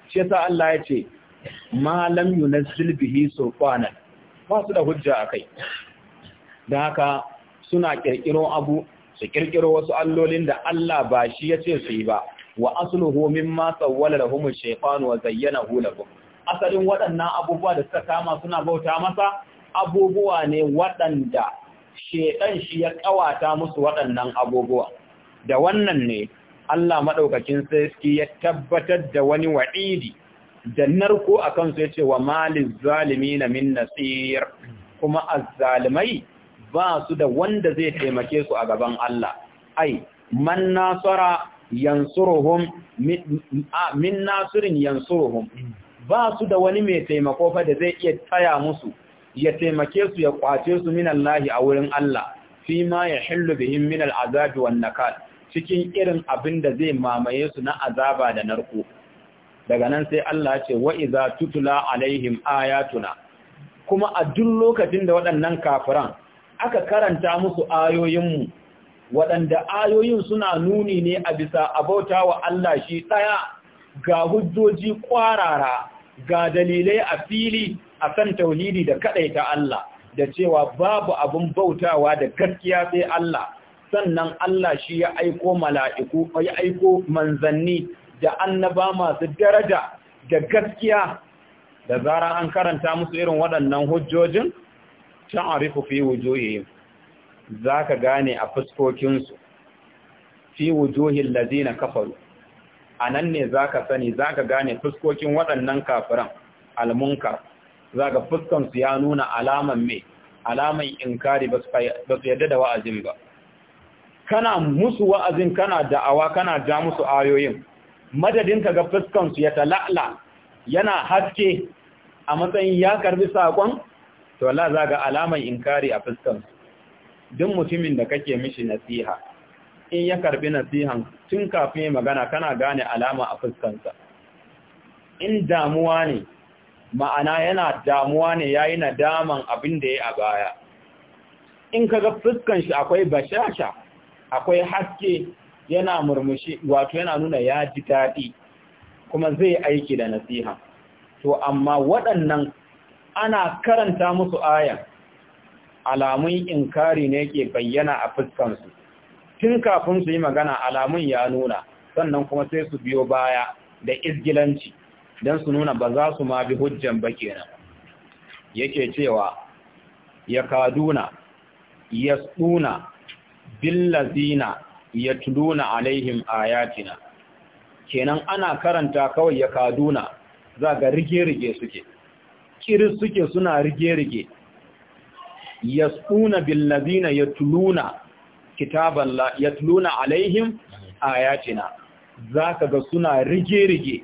shi yasa Allah ya ce ma lam yunzil bihi sulfana ba su da hujja akai dan haka suna kirkiro abu su kirkiro wasu allolin da Allah ba shi ya ce su yi ba wa asluhu mimma sawwala lahum ash-shaytanu wa zayyanahu lahum asalin waɗannan abubuwa da suka kama suna bauta masa abubuwa ne waɗanda shedan shi ya kawata musu waɗannan abubuwa da wannan ne Allah maɗaukakin sarki ya tabbatar da wani wa'idi da narko a kansu ya ce wa malin zalimi na min nasir kuma azzalimai ba su da wanda zai taimake su a gaban Allah ai man nasara yansuruhum min nasirin yansuruhum ba su da wani mai taimako fa da zai iya taya musu ya taimake su ya kwace su min a wurin Allah fi ma ya hillu bihim min al'azabi wan nakal cikin irin abin da zai mamaye su na azaba da narko daga nan sai Allah ce wa iza tutula alaihim ayatuna kuma a duk lokacin da waɗannan kafiran aka karanta musu ayoyinmu waɗanda ayoyin suna nuni ne a bisa abauta wa Allah shi ɗaya ga hujjoji ƙwarara ga dalilai a fili a san tauhidi da kaɗaita Allah da cewa babu abin bautawa da gaskiya sai Allah sannan Allah shi ya aiko mala'iku ya aiko manzanni da annaba masu daraja da gaskiya da zara an karanta musu irin waɗannan hujjojin ta'arifu fi za ka gane a fuskokinsu fi lazi ladina kafaru nan ne za ka sani za ka gane fuskokin waɗannan kafiran almunka za ka su ya nuna alaman mai alaman inkari ba su yadda da wa'azin ba kana musu wa'azin kana da'awa kana ja musu ayoyin madadin ka ga fuskansu ya tala'la yana haske a matsayin ya karbi sakon to la za ga alaman inkari a fuskansu. Don mutumin da kake mishi nasiha in ya karbi nasihan tun kafin magana kana gane alama a fuskansa in damuwa ne ma'ana yana damuwa ne ya yi nadaman abin da ya a baya in ka ga fuskan akwai bashasha akwai haske yana murmushi wato yana nuna ya ji daɗi kuma zai aiki da nasiha to amma waɗannan ana karanta musu aya alamun inkari ne ke bayyana a su, tun kafin su yi magana alamun ya nuna sannan kuma sai su biyo baya da izgilanci don su nuna ba za su ma bi hujjan ba kenan yake cewa ya kaduna ya billazina yatluna alaihim ayatina kenan ana karanta kawai ya kaduna za ga rige-rige suke kiris suke suna rige-rige yasuna billazina yatluna kitaban la yatluna alaihim ayatina ka ga suna rige-rige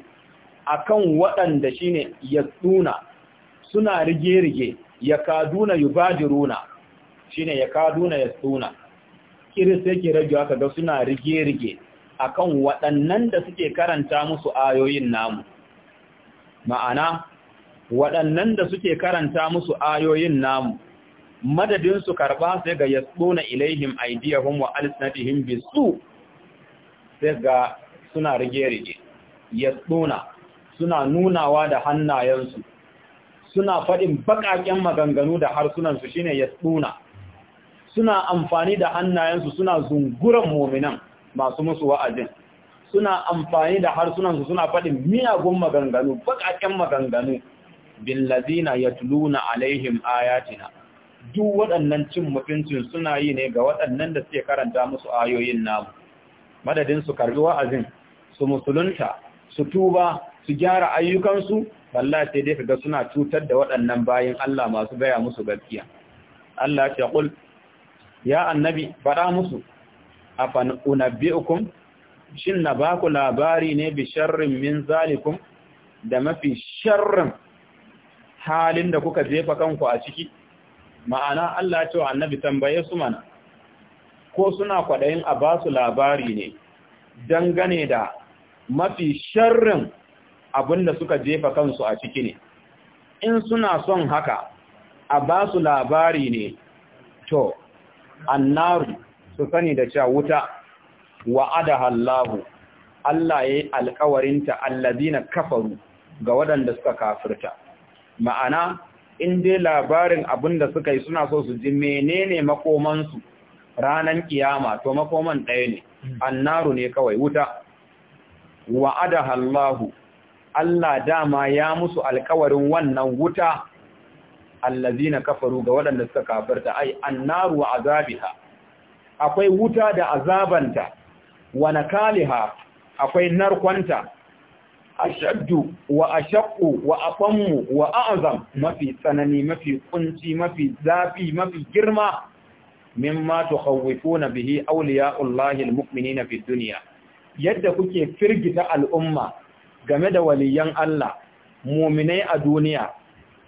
akan waɗanda shine yasuna suna rige-rige Ya Kaduna yubadiruna shine Kaduna yasuna kiris yake rage haka da suna rige-rige a kan waɗannan da suke karanta musu ayoyin namu ma'ana waɗannan da suke karanta musu ayoyin namu madadinsu karɓa sai ga yasbuna ilaihim aidiyahun wa alsnatihim bisu sai ga suna rige-rige yasbuna suna nunawa da hannayensu suna faɗin baƙaƙen maganganu da harsunansu shine yasbuna suna amfani da hannayensu suna zunguran muminan masu musu wa'azin suna amfani da harsunansu suna faɗin miyagun maganganu baƙaƙen maganganu billazina yatluna alaihim ayatina duk waɗannan cin mutuncin suna yi ne ga waɗannan da suke karanta musu ayoyin namu madadin su karbi wa'azin su musulunta su tuba su gyara ayyukansu wallahi sai dai ga suna cutar da waɗannan bayan Allah masu gaya musu gaskiya Allah ya ce ya annabi faɗa musu afan unabbi'ukum shin na ba ku labari ne bi sharrin min zalikum da mafi sharrin halin da kuka jefa kanku a ciki ma'ana Allah cewa annabi tambaye su mana ko suna kwaɗayin a ba su labari ne dangane da mafi sharrin abin suka jefa kansu a ciki ne in suna son haka a ba su labari ne to annaru su sani da cewa wuta wa'ada Allahu Allah yayi alƙawarinta allazina kafaru ga waɗanda suka kafirta ma'ana in dai labarin abin da suka yi suna so su ji menene makomansu ranan kiyama to makoman ɗaya ne annaru ne kawai wuta wa'ada Allahu Allah dama ya musu alƙawarin wannan wuta allazina kafaru ga waɗanda suka kafarta ai annaru wa azabiha akwai wuta da azabanta wa nakaliha akwai narkwanta ashaddu wa ashaqqu wa afammu wa a'zam mafi tsanani mafi kunci mafi zafi mafi girma mimma tukhawifuna bihi awliya'ullahi almu'minina fid dunya yadda kuke firgita al'umma game da waliyan Allah mu'minai a duniya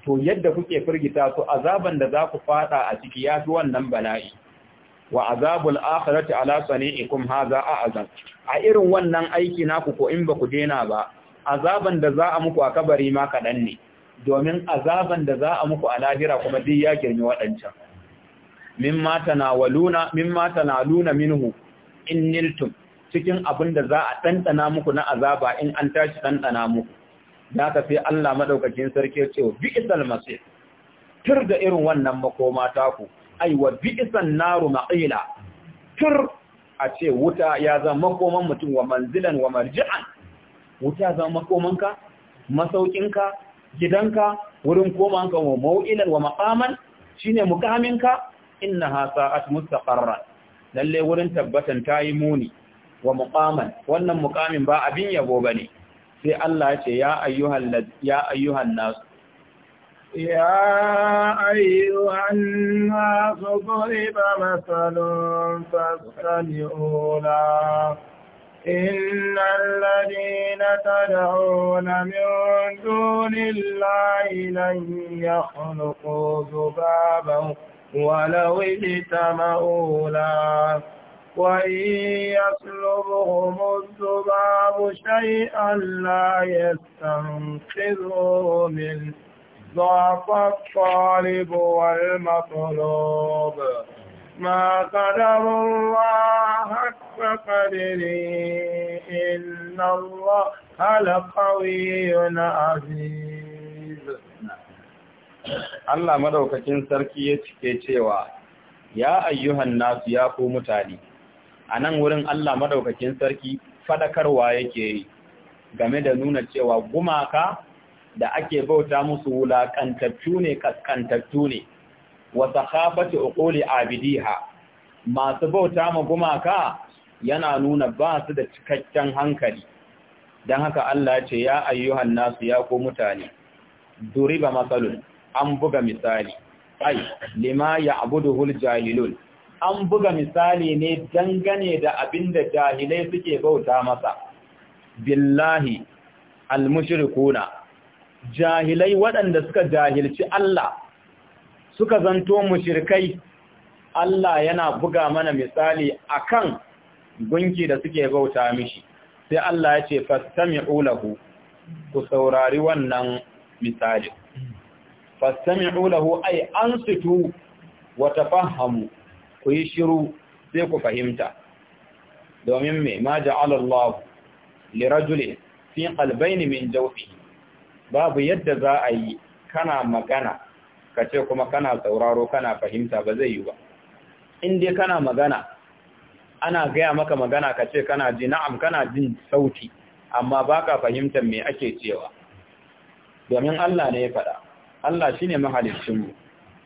to yadda kuke firgita su azaban da za ku fada a ciki ya fi wannan bala'i wa azabul akhirati ala sani'ikum hadha a'azam a irin wannan aiki naku ko in ba ku dena ba azaban da za a muku a kabari ma kadan ne domin azaban da za a muku a lahira kuma duk ya girmi waɗancan. mimma tanawaluna mimma tanaluna minhu in niltum cikin abin da za a dandana muku na azaba in an tashi dandana muku da aka sai Allah madaukakin sarki ya ce wa bi'sal masir tur da irin wannan makoma taku Aiwa wa bi'san naru maqila tur a ce wuta ya zama makoman mutum wa manzilan wa marji'an wuta zama makomanka masaukinka gidanka wurin komanka wa mau'ilan wa maƙaman shi ne mukaminka innaha sa'at mustaqarran lalle wurin tabbatan ta yi muni wa muƙaman. wannan muƙamin ba abin yabo ba ne. sai Allah ya ce ya ayyuhan ya ayyuhan nas ya ayyuhan nas duriba masalun fastami'u la إن الذين تدعون من دون الله لن يخلقوا ذبابا ولو اجتمعوا له وإن يسلبهم الذباب شيئا لا يستنقذه منه ضعف الطالب والمطلوب ما قدر الله حق قدره إن الله لقوي عزيز Allah madaukakin sarki ya cike cewa ya ayyuhan nasu ya ku mutane a nan wurin Allah madaukakin sarki fadakarwa yake yi game da nuna cewa gumaka da ake bauta musu wulaƙantattu ne kaskantattu ne wa sakhafati uquli abidiha masu bauta ma gumaka yana nuna ba su da cikakken hankali dan haka Allah ce ya ayyuhan nasu ya ko mutane duriba masalun an buga misali ai lima ya hul jahilun an buga misali ne dangane da abin da jahilai suke bauta masa billahi almushrikuna jahilai waɗanda suka jahilci Allah suka zanto mushrikai Allah yana buga mana misali akan gunki da suke bauta mishi sai Allah ya ce fastami'u lahu ku saurari wannan misali fastami'u lahu ay ansitu wa tafahamu ku yi shiru sai ku fahimta domin mai, ma ja'ala Allah li rajulin fi qalbayni min jawfihi babu yadda za a yi kana magana ka ce kuma kana sauraro kana fahimta ba zai yi ba in dai kana magana ana gaya maka magana ka ce kana ji na'am kana jin sauti amma baka fahimtar me ake cewa domin Allah ne ya faɗa Allah shine mahaliccin mu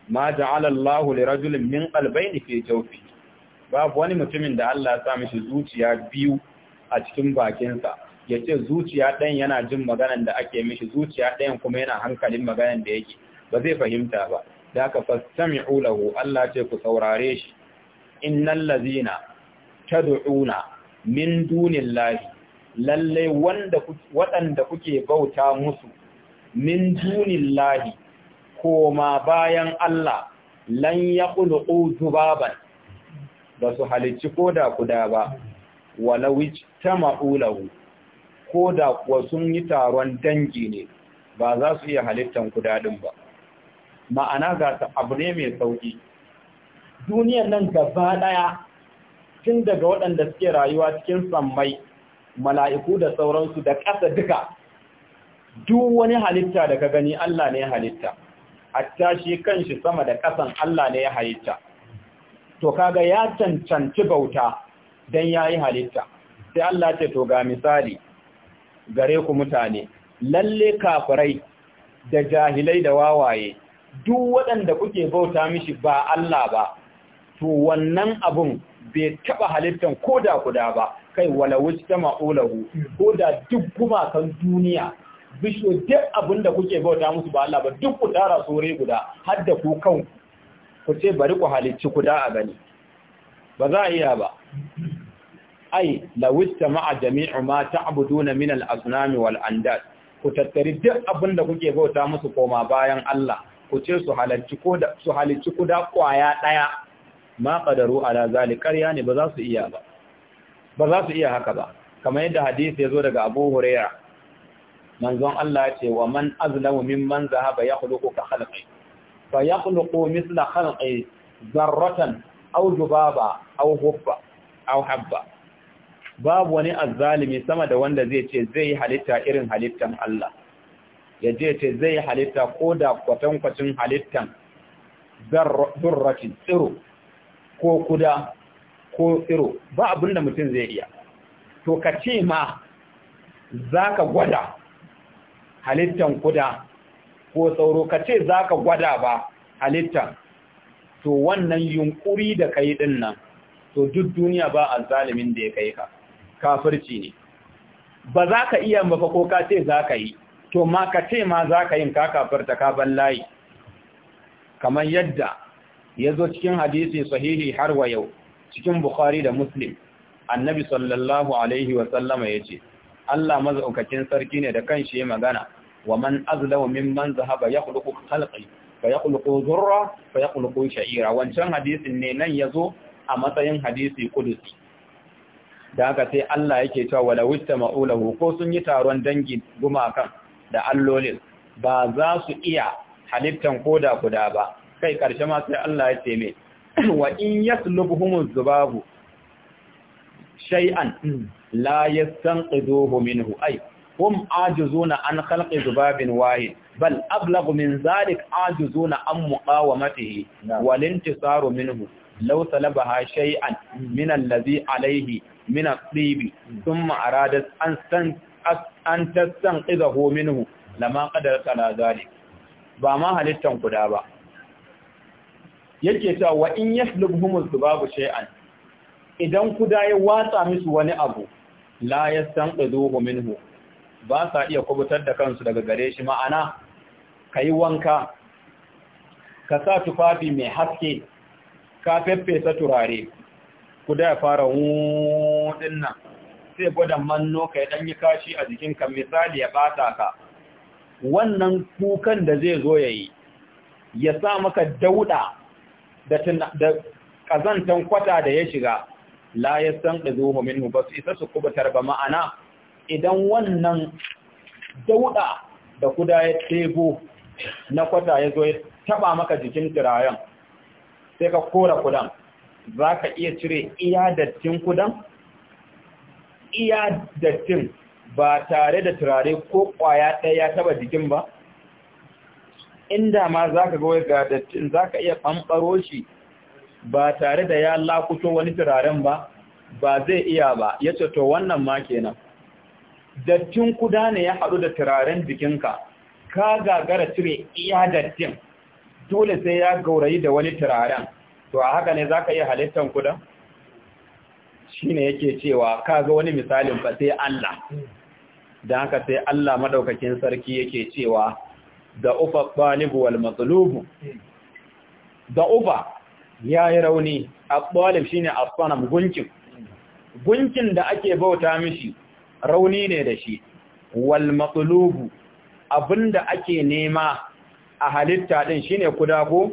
ma ja'ala Allahu li rajulin min qalbayni fi jawfi babu wani mutumin da Allah ya sa mishi zuciya biyu a cikin bakinsa yace zuciya ɗayan yana jin maganar da ake mishi zuciya ɗayan kuma yana hankalin maganar da yake ba zai fahimta ba da aka fastami'u lahu Allah ce ku saurare shi innal ladzina tad'una min dunillahi lalle wanda waɗanda kuke bauta musu min dunillahi koma bayan Allah lan ya kulu zubaban ba su halicci ko da kuda ba, walawic ta ma'ulahu, ko da kuwa sun yi taron dangi ne ba za su iya halittan kudaɗin ba. Ma'ana ga ta abu ne mai sauƙi. Duniyar nan gaba ɗaya tun daga waɗanda suke rayuwa cikin sammai, mala'iku da sauransu da ƙasa duka, duk wani halitta da ka gani Allah ne halitta. Attashi kanshi sama da ƙasan Allah ne ya halitta to kaga ya cancanci bauta don ya yi halitta sai Allah ce to ga misali gare ku mutane lalle kafirai da jahilai da wawaye duk waɗanda kuke bauta mishi ba Allah ba to wannan abun bai taɓa halittan koda kuda ba kai wala wujtama ulahu koda duk gumakan duniya bisho duk abin da kuke bauta musu ba Allah ba duk ku tara sore guda har da ku kan ku ce bari ku halicci kuda a gani ba za a iya ba ai lawista ma'a jami'u ma ta'buduna min al-asnam wal andad ku tattari duk abin da kuke bauta musu koma bayan Allah ku ce su halicci kuda su halicci kuda kwaya ɗaya. ma qadaru ala zalikar ne ba za su iya ba za su iya haka ba kamar yadda hadisi ya zo daga Abu Huraira. manzon Allah ce wa man azlamu mimman zahaba yakhluqu ka khalqi fa yakhluqu mithla khalqi zarratan aw dubaba aw hubba aw habba babu wani azzalimi sama da wanda zai ce zai halitta irin halittan Allah ya je ce zai halitta koda kwatankwacin halittan zarratin tsiro ko kuda ko tsiro ba abinda mutum zai iya to ka ce ma za ka gwada halittan kuda ko sauro ka ce za ka gwada ba halittan to wannan yunkuri da yi din nan to duk duniya ba a zalimin da ya kai ka kafirci ne ba za ka iya mafa ko ka ce za ka yi to ma ka ce ma za ka yin ka kafirta ka ban layi kamar yadda ya zo cikin hadisi sahihi har wa yau cikin bukhari da muslim annabi sallallahu alaihi wasallama ya ce Allah mazaukakin sarki ne da kan shi magana ومن أظلم ممن ذهب يخلق خلقي فيخلق ذرة فيخلق شعيرة wancan hadisin ne nan zo a matsayin hadisi kudusi da haka sai Allah yake cewa wala wistama'u lahu ko sun yi taron dangi gumakan da allolin ba za su iya halittan koda kuda ba kai karshe ma sai Allah ya ce me wa in yaslubhumuz zubabu shay'an la yastanqidhuhu minhu ay hum ajizuna an khalqi zubabin wahid bal ablagu min zalik ajizuna an muqawamatihi wal intisaru minhu law talabaha shay'an min allazi alayhi min at-tibi thumma an san an minhu lama qadara ala zalik ba ma halittan kuda ba yake cewa wa in yaslubhum zubabu shay'an idan kuda ya watsa musu wani abu la yastanqiduhu minhu ba sa iya kubutar da kansu daga gare shi ma'ana ka yi wanka ka sa tufafi mai haske ka feffesa turare ku da ya fara wudin nan sai gwada manno ka ɗan yi kashi a jikinka misali ya ɓata ka wannan kukan da zai zo ya yi ya sa maka dauda da ƙazantan kwata da ya shiga la ya san ɗazo hominu ba su isa su kubutar ba ma'ana idan wannan dauɗa da kuda ya tebo na kwata ya zo ya taba maka jikin tirayen sai ka kora kudan za ka iya cire iya dattin kudan iya dattin ba tare da turare ko kwaya ɗaya ya taba jikin ba inda ma za ka gawai ga dattin za ka iya ɓanɓaro shi ba tare da ya lakuto wani turaren ba ba zai iya ba ya ce to wannan ma kenan dattin kuda ne ya haɗu da turaren jikinka ka gagara cire iya dattin dole sai ya gaurayi da wani turaren to a haka ne za ka iya halittar kuda shi ne yake cewa ka ga wani misalin fa sai Allah don haka sai Allah madaukakin sarki yake cewa da ufa ɓalibu wal da ufa ya yi rauni a ɓalib shi gunkin gunkin da ake bauta mishi rauni ne da shi wal matsalubu abinda ake nema a halitta din shine kudago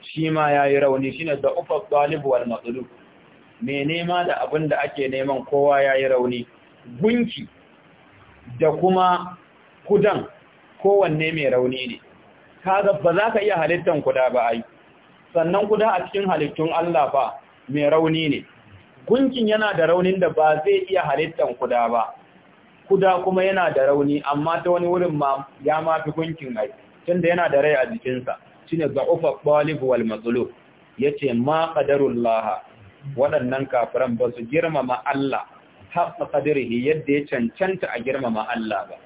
shi ma yayi rauni shine da ufa talib wal matlub me nema da abinda ake neman kowa yayi rauni gunki da kuma kudan kowanne mai rauni ne kaga ba za ka iya halittan kuda ba ai sannan kuda a cikin halittun Allah ba mai rauni ne gunkin yana da raunin da ba zai iya halittan kuda ba kuda kuma yana da rauni amma ta wani wurin ma ya mafi gunkin ai tunda yana da rai a jikinsa shine za'ufa qalib wal mazlub yace ma qadarullah waɗannan kafiran ba su girmama Allah haƙa qadarihi yadda ya cancanta a girmama Allah ba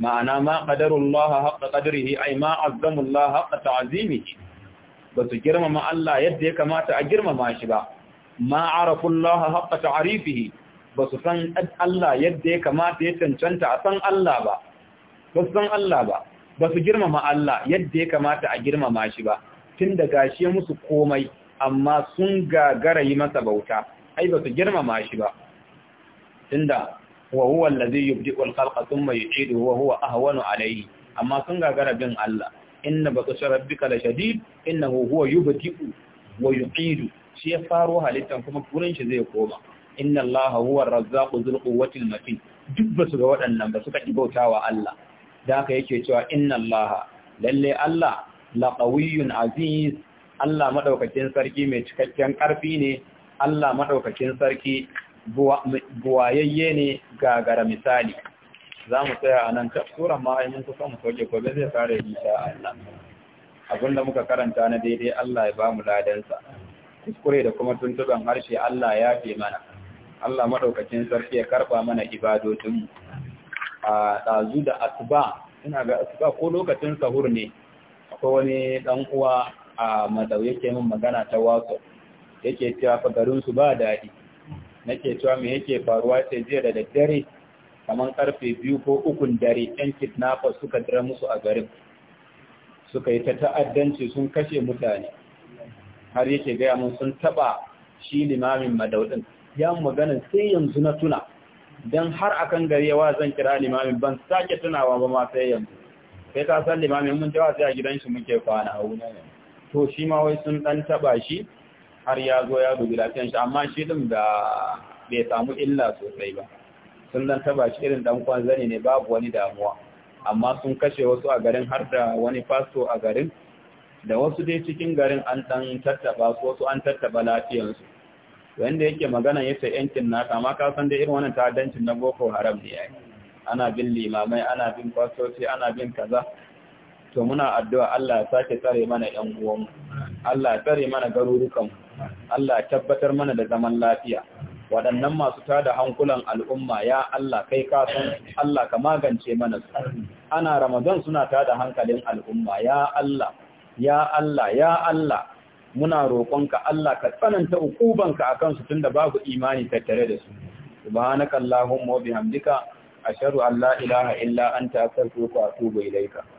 ma'ana ma qadarullah haƙa qadarihi ai ma azzamullah haƙa ta'zimihi ba su girmama Allah yadda ya kamata a girmama shi ba ma arafullaha haqqa ta'rifihi ba su san Allah yadda ya kamata ya cancanta a san Allah ba ba su san Allah ba ba su girmama Allah yadda ya kamata a girmama shi ba tun da gashi musu komai amma sun gagara yi masa bauta ai ba su girmama shi ba tunda wa huwa allazi yubdi'u al sun mai yu'iduhu wa huwa ahwanu alayhi amma sun gagara bin Allah inna batasha rabbika lashadid innahu huwa yubdi'u wa yu'idu shi ya faro halittan kuma gurin shi zai koma inna Allah huwa ar-razzaqu dhul quwwati matin duk basu ga waɗannan ba suka kibautawa Allah da haka yake cewa inna Allah lalle Allah laqawiyyun aziz Allah madaukakin sarki mai cikakken karfi ne Allah madaukakin sarki buwayayye ne gagara misali za mu tsaya a nan tafsuran ma'aimin kusa mu soke ko zai fara yi sha Allah abinda muka karanta na daidai Allah ya ba mu ladansa kuskure da kuma tuntuban harshe Allah ya fi mana Allah maɗaukacin sarki ya karɓa mana ibadodinmu a ɗazu da asuba ina ga asuba ko lokacin sahur ne akwai wani ɗan uwa a matsau yake min magana ta waso yake cewa fa su ba daɗi nake cewa me yake faruwa ce jiya da daddare kamar ƙarfe biyu ko ukun dare ɗan kidnappers suka dira musu a garin suka yi ta ta'addanci sun kashe mutane har yake gaya mun sun taɓa shi limamin madaudin ya magana sai yanzu na tuna don har akan gari yawa zan kira limamin ban sake tunawa ba ma sai yanzu sai ka san limamin mun jawa sai a gidan shi muke kwana a wunan to shi ma wai sun dan taba shi har ya zo ya dubi lafiyan shi amma shi din da bai samu illa sosai ba sun dan taba shi irin dan kwanzani ne babu wani damuwa amma sun kashe wasu a garin har da wani fasto a garin da wasu dai cikin garin an ɗan tattaba su wasu an tattaba lafiyarsu wanda yake magana ya yankin naka amma ka san dai irin wannan ta'addancin na boko haram ne yayi ana bin limamai ana bin fastoci ana bin kaza to muna addu'a Allah ya sake tsare mana yan uwan Allah ya tsare mana garurukan Allah ya tabbatar mana da zaman lafiya waɗannan masu tada hankulan al'umma ya Allah kai ka san Allah ka magance mana su ana ramadan suna tada hankalin al'umma ya Allah ya Allah ya Allah muna roƙonka Allah ka tsananta ukubanka akan su tunda babu imani tattare da su subhanakallahumma wa bihamdika ashhadu an la ilaha illa anta astaghfiruka wa atubu ilaika